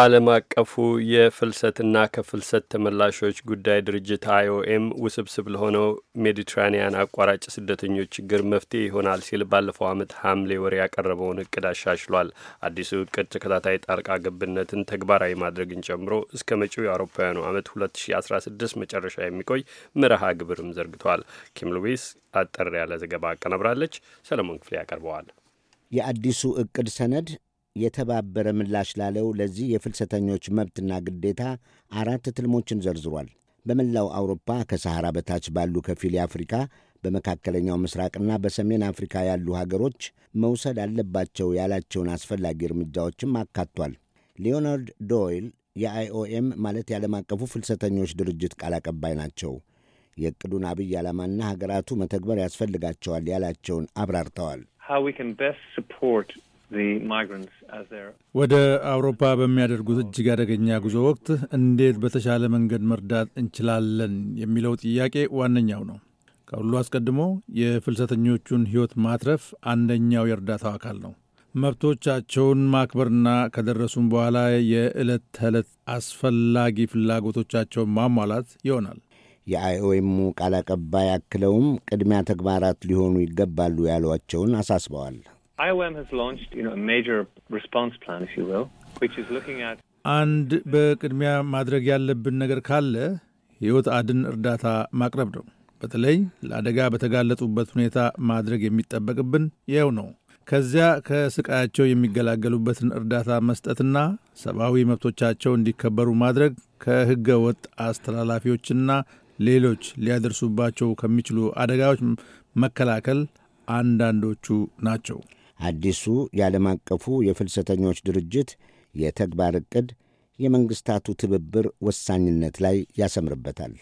ዓለም አቀፉ የፍልሰትና ከፍልሰት ተመላሾች ጉዳይ ድርጅት አይኦኤም ውስብስብ ለሆነው ሜዲትራኒያን አቋራጭ ስደተኞች ችግር መፍትሄ ይሆናል ሲል ባለፈው ዓመት ሐምሌ ወር ያቀረበውን እቅድ አሻሽሏል። አዲሱ እቅድ ተከታታይ ጣልቃ ገብነትን ተግባራዊ ማድረግን ጨምሮ እስከ መጪው የአውሮፓውያኑ ዓመት 2016 መጨረሻ የሚቆይ መርሃ ግብርም ዘርግቷል። ኪም ሉዊስ አጠር ያለ ዘገባ አቀናብራለች። ሰለሞን ክፍሌ ያቀርበዋል። የአዲሱ እቅድ ሰነድ የተባበረ ምላሽ ላለው ለዚህ የፍልሰተኞች መብትና ግዴታ አራት ትልሞችን ዘርዝሯል። በመላው አውሮፓ ከሰሐራ በታች ባሉ ከፊል የአፍሪካ በመካከለኛው ምስራቅና በሰሜን አፍሪካ ያሉ ሀገሮች መውሰድ አለባቸው ያላቸውን አስፈላጊ እርምጃዎችም አካቷል። ሊዮናርድ ዶይል የአይኦኤም ማለት የዓለም አቀፉ ፍልሰተኞች ድርጅት ቃል አቀባይ ናቸው። የእቅዱን አብይ ዓላማና ሀገራቱ መተግበር ያስፈልጋቸዋል ያላቸውን አብራርተዋል። ወደ አውሮፓ በሚያደርጉት እጅግ አደገኛ ጉዞ ወቅት እንዴት በተሻለ መንገድ መርዳት እንችላለን የሚለው ጥያቄ ዋነኛው ነው። ከሁሉ አስቀድሞ የፍልሰተኞቹን ሕይወት ማትረፍ አንደኛው የእርዳታው አካል ነው። መብቶቻቸውን ማክበርና ከደረሱም በኋላ የዕለት ተዕለት አስፈላጊ ፍላጎቶቻቸውን ማሟላት ይሆናል። የአይኦኤሙ ቃል አቀባይ አክለውም ቅድሚያ ተግባራት ሊሆኑ ይገባሉ ያሏቸውን አሳስበዋል። IOM has launched you know a major response plan if you will which is looking at አንድ በቅድሚያ ማድረግ ያለብን ነገር ካለ ሕይወት አድን እርዳታ ማቅረብ ነው። በተለይ ለአደጋ በተጋለጡበት ሁኔታ ማድረግ የሚጠበቅብን ይኸው ነው። ከዚያ ከስቃያቸው የሚገላገሉበትን እርዳታ መስጠትና ሰብአዊ መብቶቻቸው እንዲከበሩ ማድረግ ከሕገ ወጥ አስተላላፊዎችና ሌሎች ሊያደርሱባቸው ከሚችሉ አደጋዎች መከላከል አንዳንዶቹ ናቸው። አዲሱ የዓለም አቀፉ የፍልሰተኞች ድርጅት የተግባር ዕቅድ የመንግሥታቱ ትብብር ወሳኝነት ላይ ያሰምርበታል።